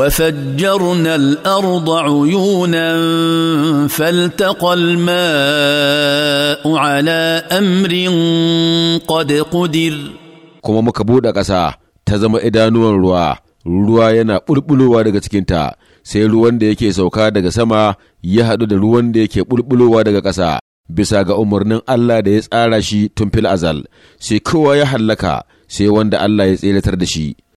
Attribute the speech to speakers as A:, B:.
A: وفجرنا الارض عيونا فالتقى الماء على امر قد قدر
B: kuma muka buɗe ƙasa ta zama idanuwan ruwa ruwa yana ɓulɓulowa daga cikinta sai ruwan da yake sauka daga sama ya haɗu da ruwan da yake ɓulɓulowa daga ƙasa bisa ga umarnin Allah da ya tsara shi tun fil azal sai kowa ya hallaka sai wanda Allah ya tseratar da shi